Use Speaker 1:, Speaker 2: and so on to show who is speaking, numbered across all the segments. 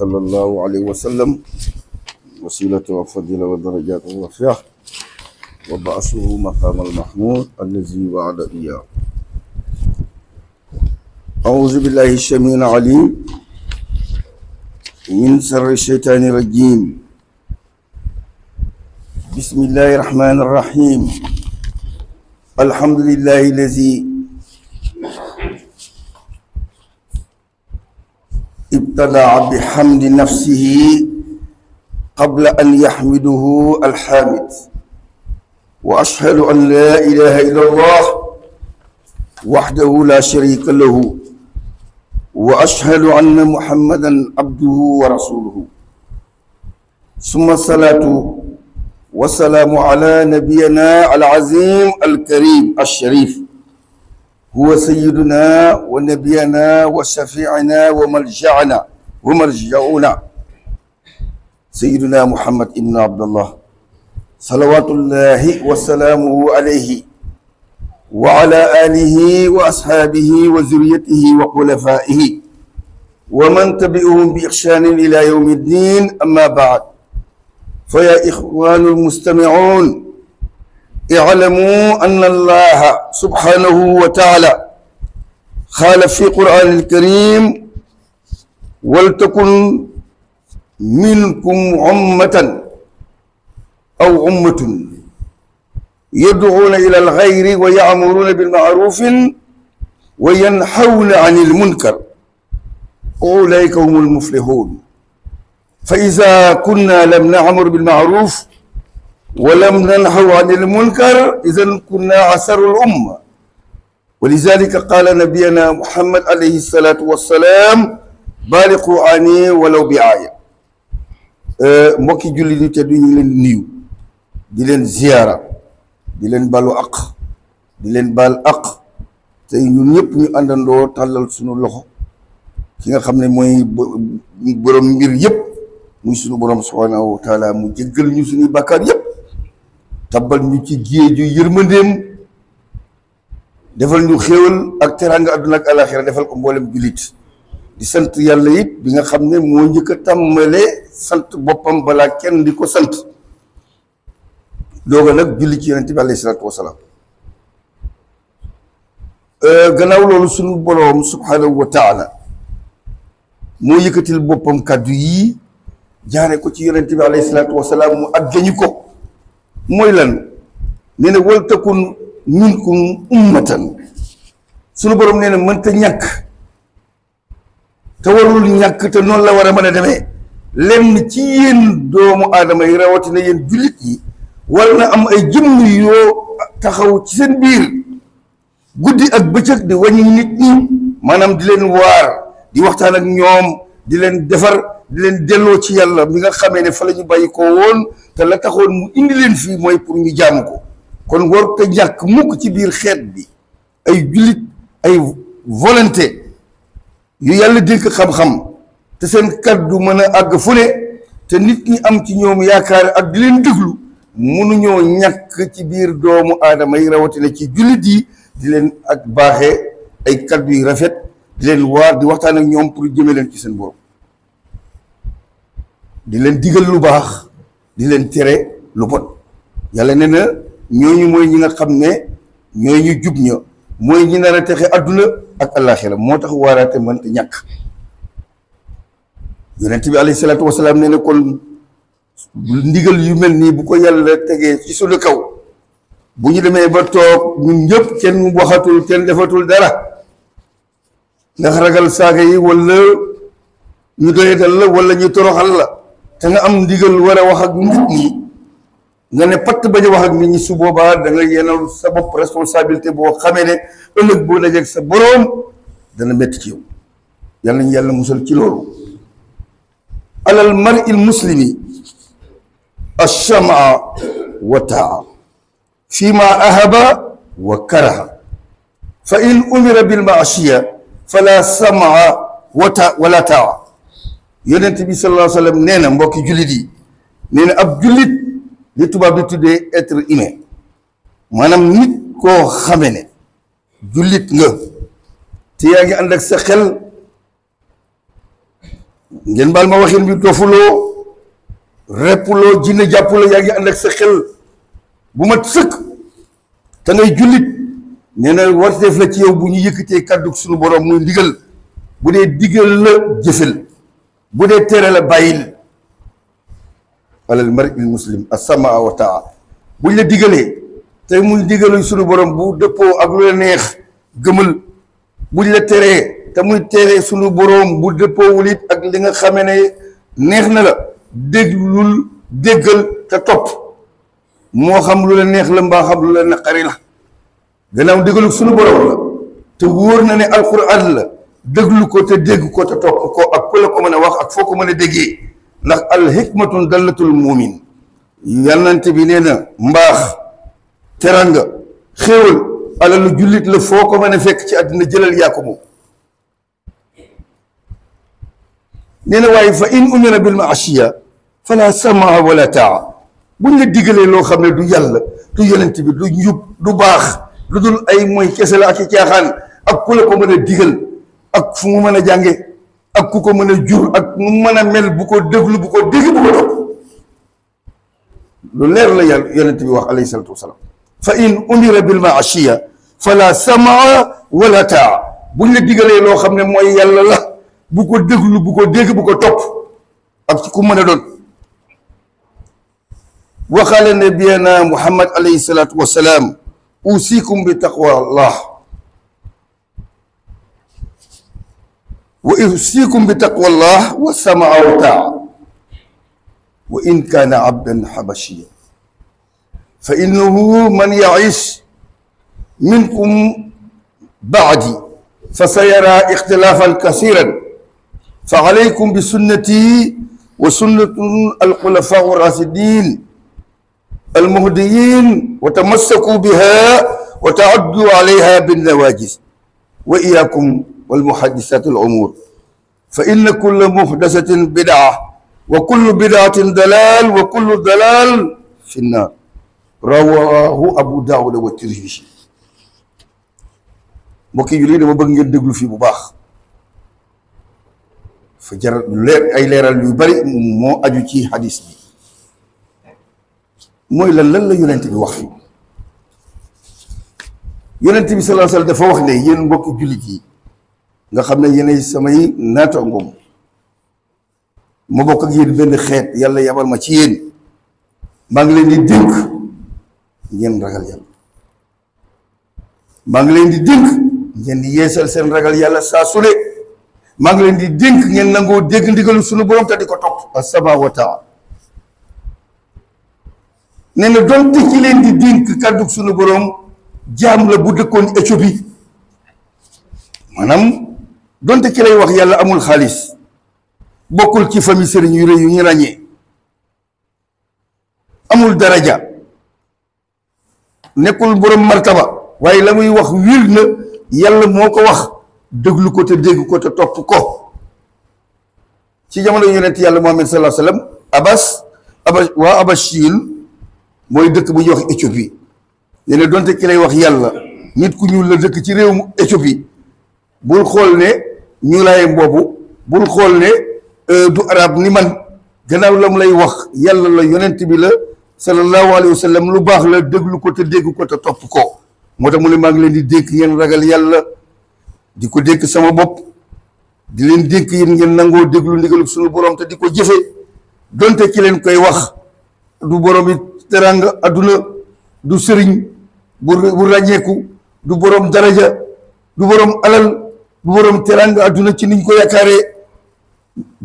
Speaker 1: صلى الله عليه وسلم وسيلة وفضيلة ودرجات وفيه وبعثه مقام المحمود الذي وعد إياه أعوذ بالله الشميع العليم من شر الشيطان الرجيم بسم الله الرحمن الرحيم الحمد لله الذي ابتدع بحمد نفسه قبل أن يحمده الحامد وأشهد أن لا إله إلا الله وحده لا شريك له وأشهد أن محمدا عبده ورسوله ثم الصلاة والسلام على نبينا العظيم الكريم الشريف هو سيدنا ونبينا وشفيعنا وملجعنا ومرجعنا سيدنا محمد ابن عبد الله صلوات الله وسلامه عليه وعلى آله وأصحابه وذريته وخلفائه ومن تبعهم بإخشان إلى يوم الدين أما بعد فيا إخوان المستمعون اعلموا أن الله سبحانه وتعالى خالف في قرآن الكريم ولتكن منكم عمة أو عمة يدعون إلى الغير ويأمرون بالمعروف وينحون عن المنكر أولئك هم المفلحون فإذا كنا لم نعمر بالمعروف ولم ننهوا عن المنكر اذا كنا عسر الامه ولذلك قال نبينا محمد عليه الصلاه والسلام بالغوا عني ولو بعايه موكي جولي نيو تي نيو دي لين زياره دي لين بالو اق دي لين بال اق تي نيو نيب ني اندندو تالال سونو لوخو كيغا خامني موي بروم مير ييب موي سونو بروم سبحانه وتعالى مو جيجل ني سوني بكار ييب tabbal ñu ci géeju yërmandeem defal ñu xéewal ak teraanga àdduna ak alaxira defal ko mboolem jullit di sant yàlla it bi nga xam ne moo njëkk a tàmmalee sant boppam balaa kenn di ko sant dooga nag julli ci yonent bi alayhi salaatu wasalaam euh, gannaaw loolu sunu boroom subhanahu wa moo yëkkatil boppam kàddu yii jaare ko ci yonent bi alayhi salaatu wasalaam ak àggañu ko mooy lan nee na wal takun minkum ummatan sunu borom nee na mënta ñàkk te warul ñàkk te noonu la war a mën a demee lenn ci yéen doomu aadama yi rawatina yéen jullit yi war na am ay jëmm yoo taxaw ci seen biir guddi ak bëccëg di wàññi nit ñi maanaam di leen waar di waxtaan ak ñoom di leen defar di leen delloo ci yàlla mi nga xamee ne fa la ñu bàyyi ko woon te la taxoon mu indi leen fii mooy pour ñu jaamu ko kon war ko ñàkk mukk ci biir xeet bi ay jullit ay volonté yu yàlla dénk xam-xam te seen kàddu mën a àgg fu ne te nit ñi am ci ñoom yaakaar ak di leen déglu mënuñoo ñàkk ci biir doomu aadama yi rawatina ci jullit yi di leen ak baaxe ay kàddu yu rafet di leen waar di waxtaan ak ñoom pour jëme leen ci seen borom. di leen diggal lu baax di leen tere lu bon yàlla nee na ñooñu mooy ñi nga xam ne ñooy ñu jub ña mooy ñi nar a texe àdduna ak àllaaxira moo tax waaraate mënta ñàkk yonent bi alayhi salaatu wasalaam ndigal yu mel nii bu ko yàlla tegee ci kaw bu ñu demee ba ñëpp kenn waxatul kenn defatul dara ndax ragal yi wala ñu doyadal la walla ñu toroxal la تنا أم ديجل ولا واحد نتني نحن بات بجوا واحد مني سبوا بار دعنا ينا سبب برسول سابيل تبوا خمينة ولك بولا جك سبروم دعنا متكيو يلا يلا مسلم كيلو على المرء المسلمي الشمع وتع فيما أهب وكره فإن أمر بالمعشية فلا سمع وتع ولا تعب yonent bi sallallahu alayhi wa sallam nee na mbokki jullit yi nee na ab jullit li tubaab di tuddee être humain maanaam nit koo xame ne jullit nga te yaa ngi ànd ak sa xel ngeen baal ma waxin bi dofuloo reppuloo jinne jàppuloo yaa ngi ànd ak sa xel bu mat sëkk te ngay jullit nee na warteef la ci yow bu ñu yëkkatee kàddu suñu boroom muy ndigal bu dee digal la jëfel بودي تير البايل على المرء المسلم السماء وتاع بودي ديغلي تاي مول ديغلو سونو بوروم بو دبو اك لو نيه گمل بودي تير تا مول تير سونو بوروم بو دبو وليت اك ليغا خامني نيه نلا دغلول دغل تا توب مو خام لو نيه لا مبا خام لو نخاري لا گناو ديغلو سونو بوروم تا وورنا ني القران déglu ko te deg ko te top ko ak ku la ko meuna wax ak foko meuna degge ndax al hikmatun dallatul mu'min yàllante bi neena mbax teranga xewul ala lu julit le foko meuna fek ci aduna jeelal yakumu neena way fa in umira bil maasiya fala samaa wala taa buñ la digele lo xamne du yàlla du yonent bi du njub du bax ludul ay moy kessela ak ci xaan ak ku la ko meuna digel ak fu mu mën a jànge ak ku ko mën a jur ak mu mën mel bu ko déglu bu ko dégg bu ko topp lu leer la yàlla yonent bi wax alayhi salatu wasalaam fa in umira bil maasiya fala samaa wala taa buñ la digalee loo xam ne mooy yàlla la bu ko déglu bu ko dégg bu ko top ak ci ku mën a doon waxaale nabiyana muhammad alayhi salatu wasalaam usikum bi taqwa allah وأوصيكم بتقوى الله والسمع والطاعة وإن كان عبدا حبشيا فإنه من يعيش منكم بعدي فسيرى اختلافا كثيرا فعليكم بسنتي وسنة الخلفاء الراشدين المهديين وتمسكوا بها وتعدوا عليها بالنواجذ وإياكم والمحدثات الأمور فإن كل محدثة بدعة وكل بدعة دلال وكل دلال في النار رواه أبو داود والترمذي موكي يريد ما بغي ندغلو في بباخ فجر لير اي ليرال يو بري مو اديو تي حديث بي موي لان لان لا يونت بي واخ يونت بي صلى الله عليه وسلم دا فا واخ ني يين موكي جولي جي nga xam ne yéenay samay naataangoom ma bokk ak yéen benn xeet yàlla yabal ma ci yéen maa ngi leen di dénk ngeen ragal yàlla maa ngi leen di dénk ngeen di yeesal seen ragal yàlla saa su ne maa ngi leen di dénk ngeen nangoo dégg ndigalu sunu borom te di ko topp asama sama taala nee na donte ci leen di dénk kàddu sunu borom jaam la bu dëkkoon Éthiopie maanaam donte ki lay wax yàlla amul khalis bokul ci fami serigne yu reuy yu ñu ràññee amul daraja nekul borom martaba waye lamuy wax wirna yàlla moko wax déglu ko te deg ko te top ko ci jamono yonent yàlla Muhammad sallallahu alayhi wasallam sallam Abbas Abbas waa Abashil mooy dëkk bu ñuy wax Éthiopie ne ne donte ki lay wax yàlla nit ku ñu la dëkk ci réew mu Éthiopie bul xol ne. ñu lay boobu bul xool ne euh, du arab ni man gannaaw la mu lay wax yàlla la yonent bi la sallallahu alayhi wa lu baax la déglu ko te dégg ko te topp ko moo tax mu ne maa ngi leen di dénk ngeen ragal yàlla di ko dénk sama bopp di leen dénk yéen ngeen nangoo déglu ndigalub sunu boroom te di ko jëfe donte ki leen koy wax du borom it teranga du sëriñ bu bu ràññeeku du borom daraja du borom alal bu borom teraanga àdduna ci niñ ko yaakaaree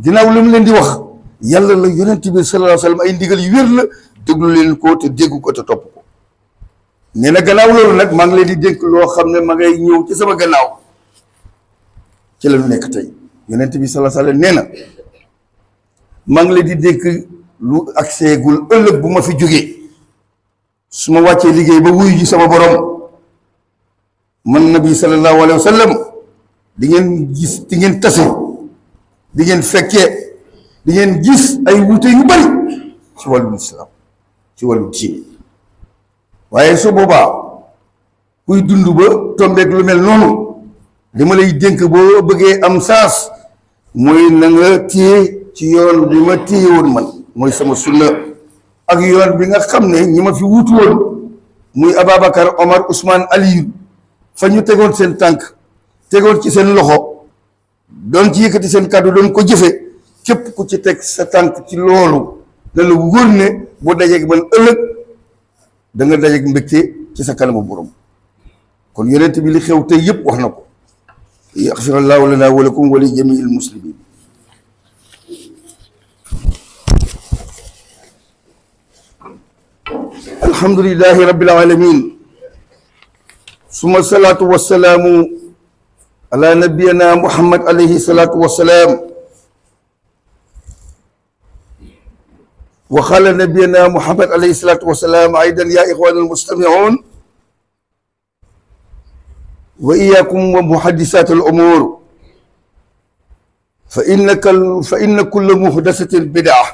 Speaker 1: ginnaaw lu leen di wax yàlla la yonent bi sallallahu alayhi wa sallam ay ndigal yu wér la déglu leen ko te dégg ko te topp ko nee na gannaaw loolu nag maa ngi leen di dénk loo xam ne ma ngay ñëw sama gannaaw ci la nekk tey yonent bi sallallahu nee na maa ngi leen di dénk lu ak seegul ëllëg bu ma fi jógee su ma wàccee liggéey ba wuyu ji sama borom man nabi sallallahu alayhi wa sallam di ngeen gis di ngeen tase di ngeen fekkee di ngeen gis ay wuute yu bari ci wàllu islam ci wàllu diine waaye soo boobaa kuy dund ba tombeeg lu mel noonu li ma lay dénk boo bëggee am saas mooy na nga ci yoon bi ma téye woon man mooy sama sunna ak yoon bi nga xam ne ñi ma fi wuutu woon muy Ababacar Omar Ousmane Aliyu fa ñu tegoon seen tànk tegoon ci seen loxo doon ci yëkkati seen kàddu doon ko jëfe képp ku ci teg sa tànk ci loolu la la wóor ne boo dajeeg man ëllëg da nga dajeeg mbégte ci sa kanamu borom kon yonent bi li xew te yépp wax na ko yaxfir allahu lana wa lakum wa li jamiil muslimin alhamdulillahi rabbil alamin suma salaatu wassalaamu على نبينا محمد عليه الصلاة والسلام وخال نبينا محمد عليه الصلاة والسلام أيضا يا إخوان المستمعون وإياكم ومحدثات الأمور فإن فإن كل محدثة بدعة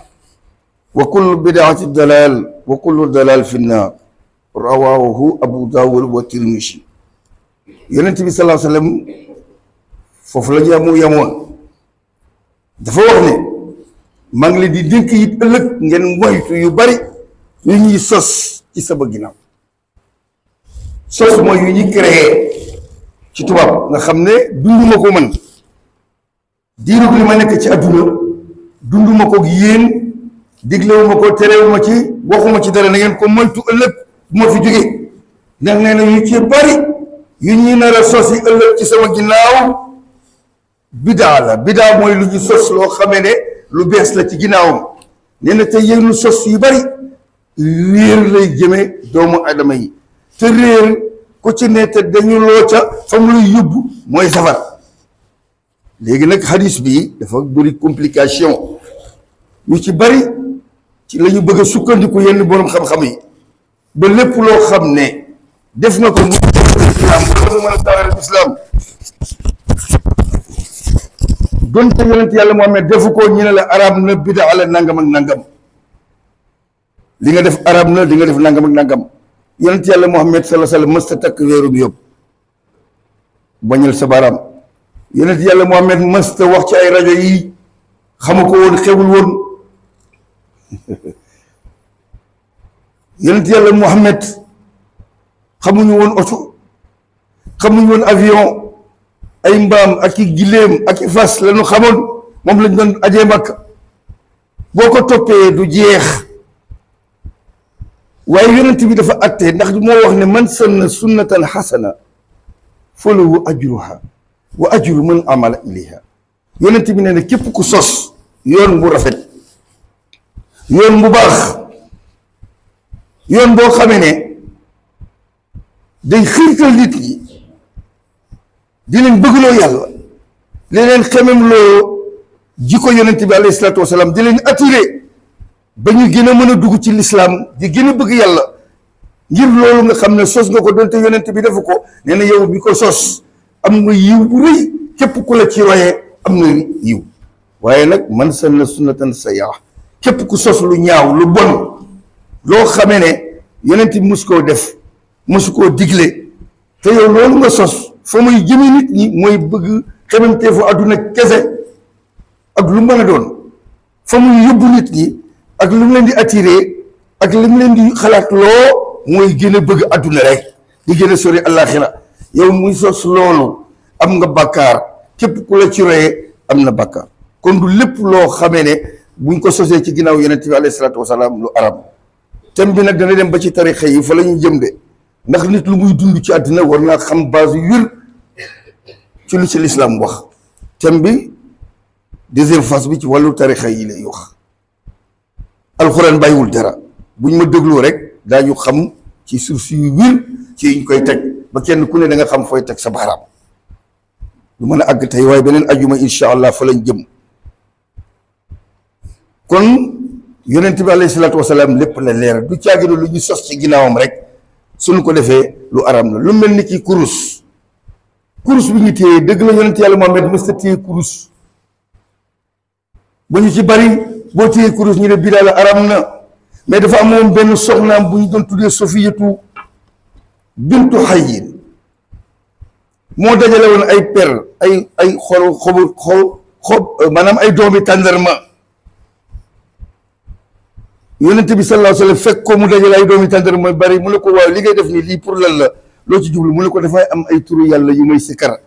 Speaker 1: وكل بدعة دلال وكل دلال في النار رواه أبو داود والترمذي يونس صلى الله عليه وسلم foofu la ñu amu yamoon dafa wax ne maa ngi leen di dénk yi ëllëg ngeen moytu yu bari yu ñuy sos ci sama ginnaaw sos mooy yu ñuy créé ci tubaab nga xam ne dunduma ko man diirub li ma nekk ci adduna dunduma ko yéen diglewuma ko terewuma ci waxuma ci dara na ngeen ko moytu ëllëg bu ma fi jóge ndax nee na yu ci bari yu ñuy nar a sos yi ëllëg ci sama ginnaaw bidaa la bidaa mooy lu ñu sos loo xamee ne lu bees la ci ginnaawam nee na te yéen sos yu bari réer lay jëmee doomu adama yi te réer ku ci ne te dañu loo ca fam luy yóbbu mooy safar léegi nag hadis bi dafa bëri complication ñu ci bari ci la bëgg a sukkandiku yenn borom xam-xam yi ba lépp loo xam ne def nga ko mu islaam wala mu mën islaam donte yonent yàlla Muhammad defu ko ñu ne la arab na bidaa la nangam ak nangam li nga def arab na li nga def nangam ak nangam yonent yàlla Muhammad sallallahu alayhi wasallam mës ta takk weeru bi yóbbu bañal sa baaraam yonent yàlla Muhammad mës ta wax ci ay rajo yi xamu ko woon xewul woon yonent yàlla Muhammad xamuñu woon oto xamuñu woon avion ay mbam ak gilem ak fas lañu xamone mom moom lañ doon ajee Makka boo du jeex way yonent bi dafa atté ndax mo wax ne man sunna sunnatan xasana fulu ajruha wa ajru man amala ilayha yonent bi ne kep ku sos yoon bu rafet yoon bu bax yoon bo xamé ne day xirtal nit yi di bëgg bëggloo yàlla li leen xemem loo jikko yonent bi alayhi salaatu wasalaam di leen attiré ba ñu gën a mën a dugg ci lislaam di gën a bëgg yàlla ngir loolu nga xam ne sos nga ko donte yonent bi defu ko nee yow bi ko sos am nga yiw bu képp ku la ci royee am na yiw waaye nag man sanna sunnatan sayyi'a képp ku sos lu ñaaw lu bon loo xamee ne yonent bi mus koo def musu koo digle te yow loolu nga sos fa muy jëme nit ñi mooy bëgg xememteefu àdduna kese ak lu mën a doon fa muy yóbbu nit ñi ak lu mu leen di attiré ak lu mu leen di xalaat loo mooy gën a bëgg àdduna rek di gën a sori àllaaxira yow muy sos loolu am nga bàkkaar képp ku la ci royee am na bàkkaar kon du lépp loo xamee ne buñ ko sosee ci ginnaaw yonent bi alayhi salaatu wasalaam lu arab thème bi nag dana dem ba ci tarixa yi fa la ñu jëm de ndax nit lu muy dund ci àddina war na xam base wér ci lu ci l'islam wax tem bi deuxième phase bi ci walu tarikha yi lay wax alxuraan bayul dara buñ ma déglu rek daañu xam ci source yu wir ci yiñ koy tek ba kenn ku ne da nga xam foy tek sa baram lu mën ag tay way benen aljuma inshallah fa lañ jëm kon yonent bi alayhi salaatu wasalaam lépp la leer du ci caagino lu ñu sos ci ginaawam rek suñu ko defee lu aram la lu mel ni ki kurus kurus bi ñu téye dëgg la yonent yàlla moom mës ta téye kurus ba ñu ci bari boo téyee kurus ñu ne bii daal aram na mais dafa amoon benn soxnaam bu ñu doon tuddee Sofiyatu bintu Hayyin moo dajale woon ay per ay ay xol xobu xol xob maanaam ay doomi tàndarma yonent bi sallallahu alayhi wa sallam fekk ko mu dajale ay doomi tàndar mooy bari mu ne ko waaw li ngay def li lii pour la loo ci jublu mu ne ko dafay am ay turu yàlla yu may sikkar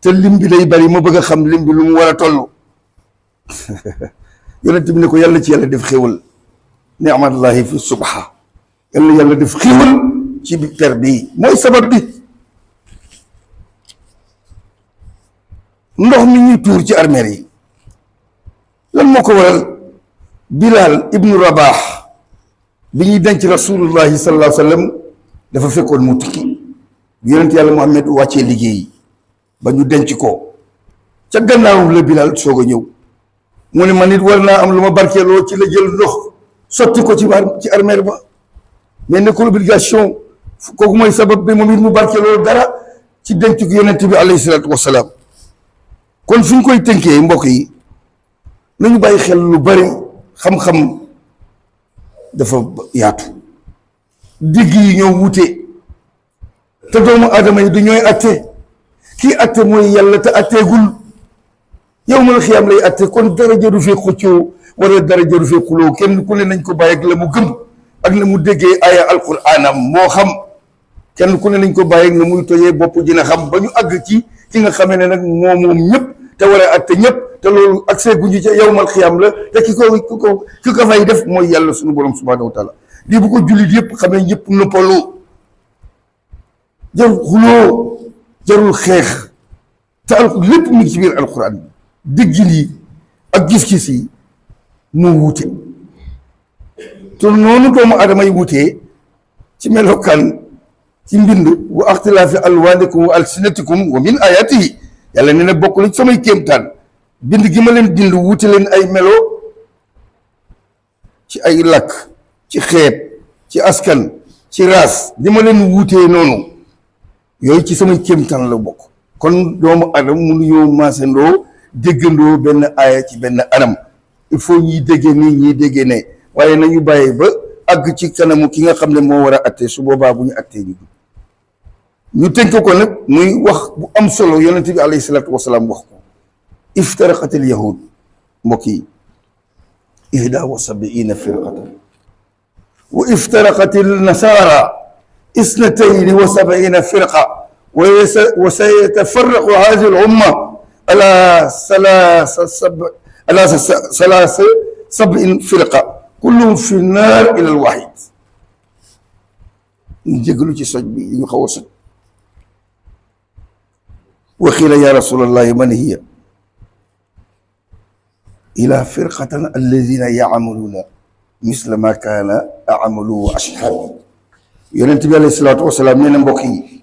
Speaker 1: te lim bi day bari ma bëgg a xam lim bi lu mu war a toll yonent bi ne ko yàlla ci yàlla def xéwal ni'matullahi fi subha yàlla yàlla def xéwal ci ter bii mooy sabab bi ndox mi ñuy tuur ci armeer yi lan moo ko Bilal ibnu Rabaax bi ñuy denc rasulullahi sallallahu alayhi wa sallam dafa fekkoon mu tukki yonent yàlla Muhammad wàccee liggéey ba ñu denc ko ca gannaawam la Bilal soog a ñëw mu ne man nit war naa am lu ma barkeeloo ci la jël ndox sotti ko ci ci armeel ba mais nekkul obligation kooku mooy sabab bi moom it mu barkeeloo dara ci denc ko yonent bi alayhi salaatu wasalaam kon fi ñu koy tënkee mbokk yi nañu bàyyi xel lu bari. xam-xam dafa yaatu digg yi ñoo wute te doomu aadama yi du ñooy atte kii atte mooy yàlla te atteegul yow mal xiyaam lay atte kon dara jëru fi xëccoo wala dara jëru fi kenn ku ne nañ ko bàyyi ak la mu gëm ak la mu déggee aaya alquraanam moo xam kenn ku ne nañ ko bàyyi ak la muy tojee bopp dina xam ba ñu àgg ci ci nga xamee ne nag moo moom ñëpp te war a atte ñëpp te loolu accès guñu ca yowmal xiyam la te ki ko ki ko ki ko fay def mooy yàlla sunu borom subhaanahu wa lii bu ko jullit yëpp xam ñëpp noppalu jarul xuloo jarul xeex te al lépp mu ngi ci biir alquran bi déggin yi ak gis-gis yi moo wuute te noonu doomu aadama yi wuutee ci melokaan ci mbind wa axtilaafi alwaanikum wa alsinatikum wa min ayatihi yàlla nee na bokk na samay kéemtaan bind gi ma leen dind wuute leen ay melo ci ay lakk ci xeet ci askan ci raas li ma leen wuutee noonu yooyu ci samay kéemtaan la bokk kon doomu adam munu yow maasandoo déggandoo benn aaya ci benn anam il faut ñuy déggee nii ñuy déggee ne waaye nañu bàyyi ba àgg ci kanamu ki nga xam ne moo war a atte su boobaa bu ñu attee ñu ñu tënk ko nak muy wax bu am solo yonnati bi alayhi salatu wasalaam wax ko iftaraqat al yahud mbokk yi ihda wa sabiina firqatan wa iftaraqatil nasara اثنتين وسبعين فرقة وسيتفرق هذه الأمة على ثلاث سبع firqa ثلاث سبع فرقة كلهم في النار إلى الواحد نجيكلو تي سوج بي نخاو سوج وقيل يا رسول الله من هي إلى فرقة الذين يعملون مثل ما كان أعمل أشهد يرنتبي عليه الصلاة والسلام من بوكي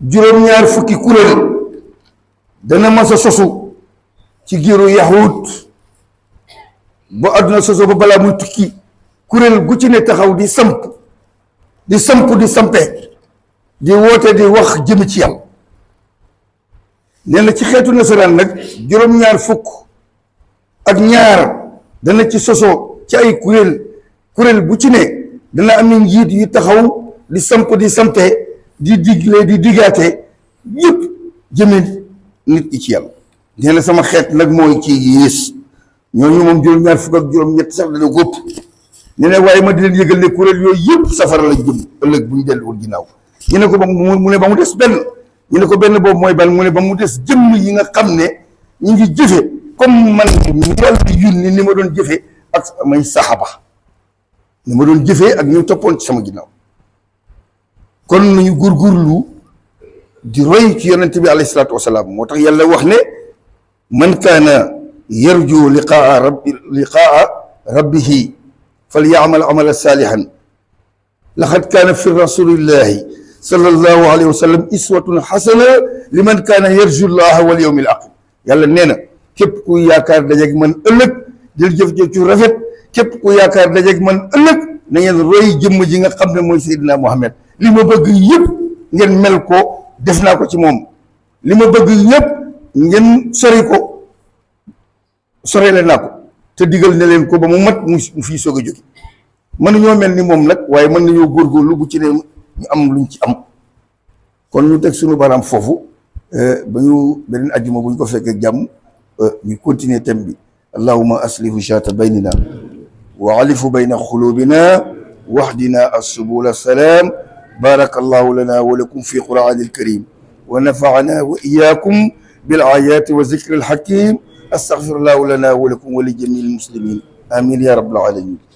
Speaker 1: جرم يعرفك كولر دنا ما سوسو تجيرو يهود bo aduna soso ba bala muy tukki kurel gu ci ne taxaw di samp di di wootee di wax jëmm ci yàlla nee na ci xeetu nasaraan nag juróom-ñaar fukk ak ñaar dana ci sosoo ci ay kuréel kuréel bu ci ne dana am njiit yu taxaw di samp di sampee di digle di digaate yëpp jëme nit ñi ci yàlla nee sama xeet nag mooy ci yées ñooñu moom juróom-ñaar fukk ak juróom-ñett sax dana góob nee waaye ma di leen yëgal ne kuréel yooyu yëpp safara la jëm lëg bu ñu delluwul ginnaaw ñu ne ko ba mu ne ba mu des benn ñu ne ko benn boobu mooy ban mu ne ba mu des jëmm yi nga xam ne ñu ngi jëfe comme man yàlla yónni ni ma doon jëfe ak may saxaba ni ma doon jëfee ak ñu toppoon ci sama ginnaaw kon nañu góorgóorlu di roy ci yonent bi alayhi salaatu wasalaam moo tax yàlla wax ne man kaana yarju liqaa rabbi liqaa rabbihi falyamal amala salihan laqad kaana fi rasulillahi صلى الله عليه وسلم اسوه حسنه لمن كان يرجو الله واليوم الاخر يلا نينا كيب كو ياكار داجك من اولك ديل جيف جي تو رافيت كيب كو ياكار داجك من اولك نين روي جيم جيغا خامني مو سيدنا محمد لما ما بغ ييب نين ملكو دفناكو سي موم لي ما بغ ييب نين سوريكو سوري لناكو تا ديغال نلين كو بامو مات مو في سوغا جوغي من ньо ملني موم نك واي من ньо غورغو لو بو سي ñu am luñ ci am kon ñu teg suñu baram foofu ba ñu beneen ajjuma bu ñu ko fekkee jàmm ñu continuer thème bi allahuma aslihu shaata baynina wa alifu bayna xulubina wahdina السبل السلام بارك الله لنا ولكم في قرآن الكريم ونفعنا وإياكم بالآيات والذكر الحكيم أستغفر الله لنا ولكم ولجميع المسلمين آمين يا رب العالمين